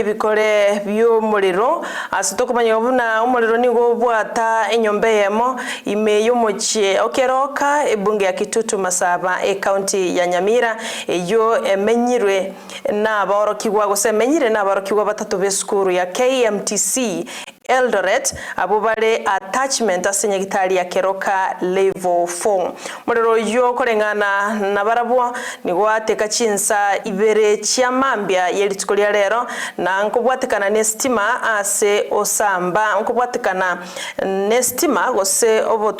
y'ebikore by'omuriro ase tokumanya obuna omuriro nigo obwata enyomba yemo ime y'omochie okeroka ebunge ya kitutu masaba e county ya nyamira eyo emenyirwe n'abaorokigwa gose baro kiwa batatu b'esukuru ya kmtc eldoret abubale at attachment ase nyagetari ya keroka level 4 muriro yo kurengana na ni nigwateka chinsa ibere chia mambia yelitukulia lero na nkubwatikana ne stima ase osamba nkubwatikana ne stima gose obo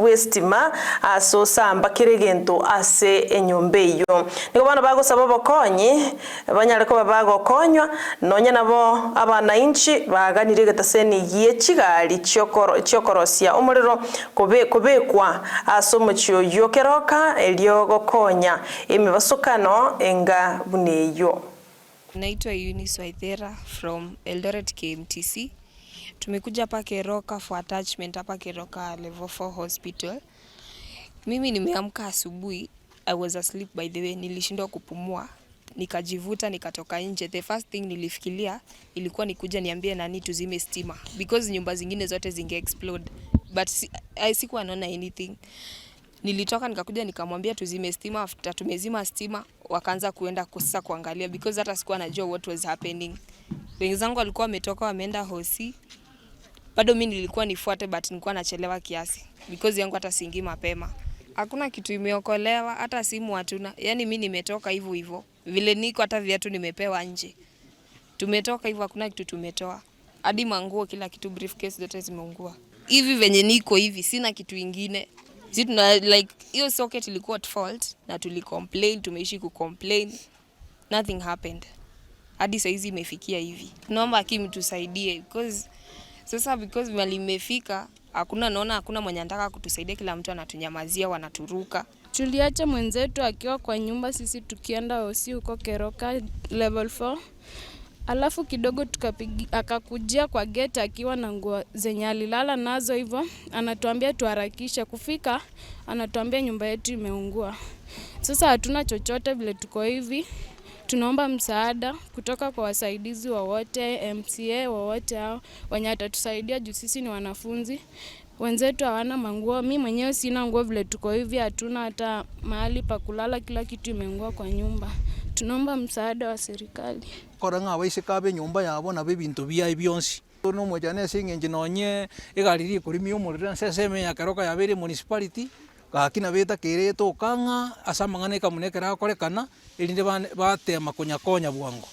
bwe stima ase osamba kiregento ase enyombe iyo nigo bana bagosaba bokonyi banyare ko konywa nonye nabo abana inchi baganire gataseni yechigali chiokoro chokoro korosia omorero kobekwa ase omochioyo keroka erio gokonya emibasukano enga buna eyo Naitwa Eunice Waithera from Eldoret KMTC. Tumekuja hapa Keroka for attachment hapa Keroka Level 4 Hospital. Mimi nimeamka asubuhi, I was asleep by the way, nilishindwa kupumua nikajivuta nikatoka nje. The first thing nilifikiria ilikuwa nikuja niambie nani tuzime stima because nyumba zingine zote zinge explode but si, I sikuwa naona anything. Nilitoka nikakuja nikamwambia tuzime stima. After tumezima stima, wakaanza kuenda kusa kuangalia because hata sikuwa najua what was happening. Wenzangu walikuwa wametoka wameenda hosi, bado mimi nilikuwa nifuate, but nilikuwa nachelewa kiasi because yangu hata singi mapema hakuna kitu imeokolewa, hata simu hatuna. Yani mi nimetoka hivyo hivyo vile niko, hata viatu nimepewa nje, tumetoka hivyo, hakuna kitu tumetoa, hadi manguo, kila kitu, briefcase zote zimeungua. Hivi venye niko hivi, sina kitu ingine. Si tuna like hiyo socket ilikuwa at fault na tuli complain, tumeishi ku complain, nothing happened hadi saizi imefikia hivi. Tunaomba akimtusaidie because sasa, because mali imefika hakuna, naona hakuna mwenye anataka kutusaidia, kila mtu anatunyamazia, wanaturuka. Tuliacha mwenzetu akiwa kwa nyumba, sisi tukienda osi huko Keroka level 4 alafu kidogo tukapigi, akakujia kwa geti akiwa na nguo zenye alilala nazo hivyo, anatuambia tuharakishe kufika, anatuambia nyumba yetu imeungua. Sasa hatuna chochote vile tuko hivi, tunaomba msaada kutoka kwa wasaidizi wowote, MCA wowote hao wenye atatusaidia juu sisi ni wanafunzi. Wenzetu hawana manguo, mi mwenyewe sina nguo, vile tuko hivi hatuna hata mahali pa kulala, kila kitu imeungua kwa nyumba. Tunaomba msaada wa serikali koranga waise kabe nyumba yabo nabo ebinto biaye bionsi nomochane ase eng'encho nonye egari rikori mia omoriro ase ase emeyakero kayaba municipality gakina bitakiritwo kang'a ase amang'ana ekamunekera akore kana erinde batema konyakonya bwango